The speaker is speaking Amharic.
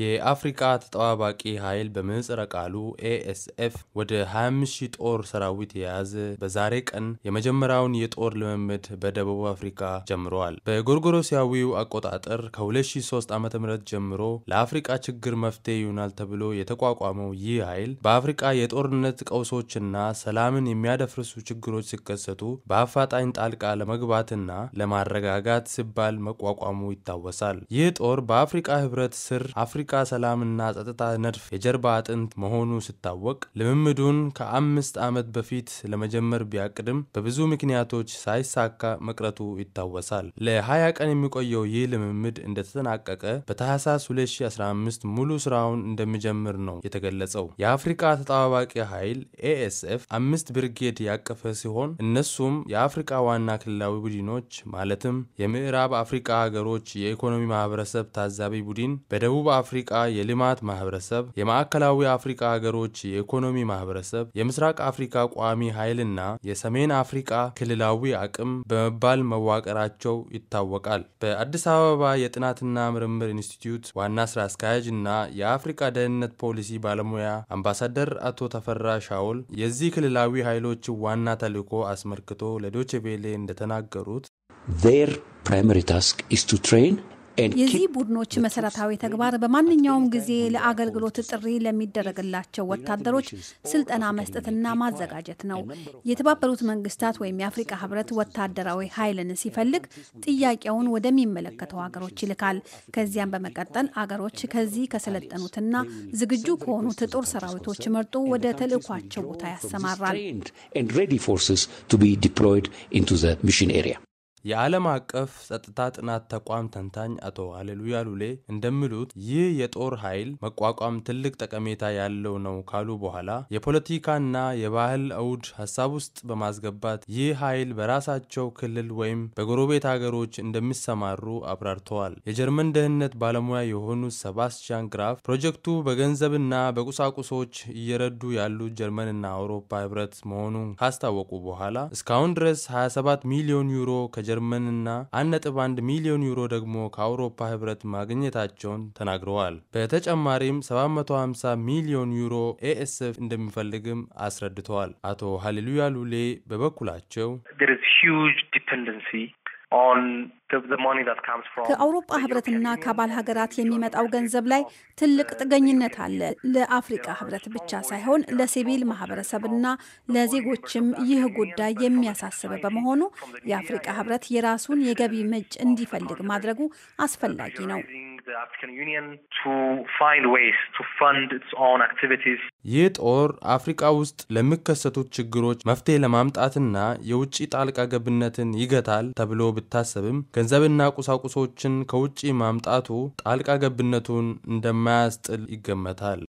የአፍሪቃ ተጠባባቂ ኃይል በምህጻረ ቃሉ ኤኤስኤፍ ወደ 25000 ጦር ሰራዊት የያዘ በዛሬ ቀን የመጀመሪያውን የጦር ልምምድ በደቡብ አፍሪካ ጀምረዋል። በጎርጎሮሲያዊው አቆጣጠር ከ2003 ዓ.ም ጀምሮ ለአፍሪቃ ችግር መፍትሄ ይሆናል ተብሎ የተቋቋመው ይህ ኃይል በአፍሪቃ የጦርነት ቀውሶችና ሰላምን የሚያደፍርሱ ችግሮች ሲከሰቱ በአፋጣኝ ጣልቃ ለመግባትና ለማረጋጋት ሲባል መቋቋሙ ይታወሳል። ይህ ጦር በአፍሪቃ ህብረት ስር አፍሪ ሰላም ሰላምና ጸጥታ ነድፍ የጀርባ አጥንት መሆኑ ሲታወቅ ልምምዱን ከአምስት ዓመት በፊት ለመጀመር ቢያቅድም በብዙ ምክንያቶች ሳይሳካ መቅረቱ ይታወሳል። ቀን የሚቆየው ይህ ልምምድ እንደተጠናቀቀ በታህሳስ 2015 ሙሉ ስራውን እንደሚጀምር ነው የተገለጸው። የአፍሪቃ ተጠባባቂ ኃይል ኤኤስኤፍ አምስት ብርጌድ ያቀፈ ሲሆን እነሱም የአፍሪቃ ዋና ክልላዊ ቡድኖች ማለትም የምዕራብ አፍሪቃ ሀገሮች የኢኮኖሚ ማህበረሰብ ታዛቢ ቡድን፣ በደቡብ አፍሪካ አፍሪቃ የልማት ማህበረሰብ፣ የማዕከላዊ አፍሪቃ ሀገሮች የኢኮኖሚ ማህበረሰብ፣ የምስራቅ አፍሪካ ቋሚ ኃይልና የሰሜን አፍሪቃ ክልላዊ አቅም በመባል መዋቀራቸው ይታወቃል። በአዲስ አበባ የጥናትና ምርምር ኢንስቲትዩት ዋና ስራ አስኪያጅ እና የአፍሪቃ ደህንነት ፖሊሲ ባለሙያ አምባሳደር አቶ ተፈራ ሻውል የዚህ ክልላዊ ኃይሎች ዋና ተልዕኮ አስመልክቶ ለዶቼ ቬሌ እንደተናገሩት ዜር ፕራይመሪ ታስክ ኢዝ ቱ ትሬን የዚህ ቡድኖች መሰረታዊ ተግባር በማንኛውም ጊዜ ለአገልግሎት ጥሪ ለሚደረግላቸው ወታደሮች ስልጠና መስጠትና ማዘጋጀት ነው። የተባበሩት መንግስታት ወይም የአፍሪቃ ህብረት ወታደራዊ ኃይልን ሲፈልግ ጥያቄውን ወደሚመለከተው ሀገሮች ይልካል። ከዚያም በመቀጠል አገሮች ከዚህ ከሰለጠኑትና ዝግጁ ከሆኑት ጦር ሰራዊቶች መርጦ ወደ ተልእኳቸው ቦታ ያሰማራል። የዓለም አቀፍ ጸጥታ ጥናት ተቋም ተንታኝ አቶ አሌሉያ ሉሌ እንደሚሉት ይህ የጦር ኃይል መቋቋም ትልቅ ጠቀሜታ ያለው ነው ካሉ በኋላ የፖለቲካና የባህል አውድ ሀሳብ ውስጥ በማስገባት ይህ ኃይል በራሳቸው ክልል ወይም በጎረቤት ሀገሮች እንደሚሰማሩ አብራርተዋል። የጀርመን ደህንነት ባለሙያ የሆኑት ሰባስቲያን ግራፍ ፕሮጀክቱ በገንዘብና በቁሳቁሶች እየረዱ ያሉ ጀርመንና አውሮፓ ህብረት መሆኑን ካስታወቁ በኋላ እስካሁን ድረስ 27 ሚሊዮን ዩሮ ከ ከጀርመንና 1.1 ሚሊዮን ዩሮ ደግሞ ከአውሮፓ ህብረት ማግኘታቸውን ተናግረዋል። በተጨማሪም 750 ሚሊዮን ዩሮ ኤኤስኤፍ እንደሚፈልግም አስረድተዋል። አቶ ሀሌሉያ ሉሌ በበኩላቸው ከአውሮፓ ህብረትና ከአባል ሀገራት የሚመጣው ገንዘብ ላይ ትልቅ ጥገኝነት አለ። ለአፍሪካ ህብረት ብቻ ሳይሆን ለሲቪል ማህበረሰብና ለዜጎችም ይህ ጉዳይ የሚያሳስብ በመሆኑ የአፍሪካ ህብረት የራሱን የገቢ ምንጭ እንዲፈልግ ማድረጉ አስፈላጊ ነው። ይህ ጦር አፍሪቃ ውስጥ ለሚከሰቱት ችግሮች መፍትሄ ለማምጣትና የውጭ ጣልቃ ገብነትን ይገታል ተብሎ ብታሰብም ገንዘብና ቁሳቁሶችን ከውጭ ማምጣቱ ጣልቃ ገብነቱን እንደማያስጥል ይገመታል።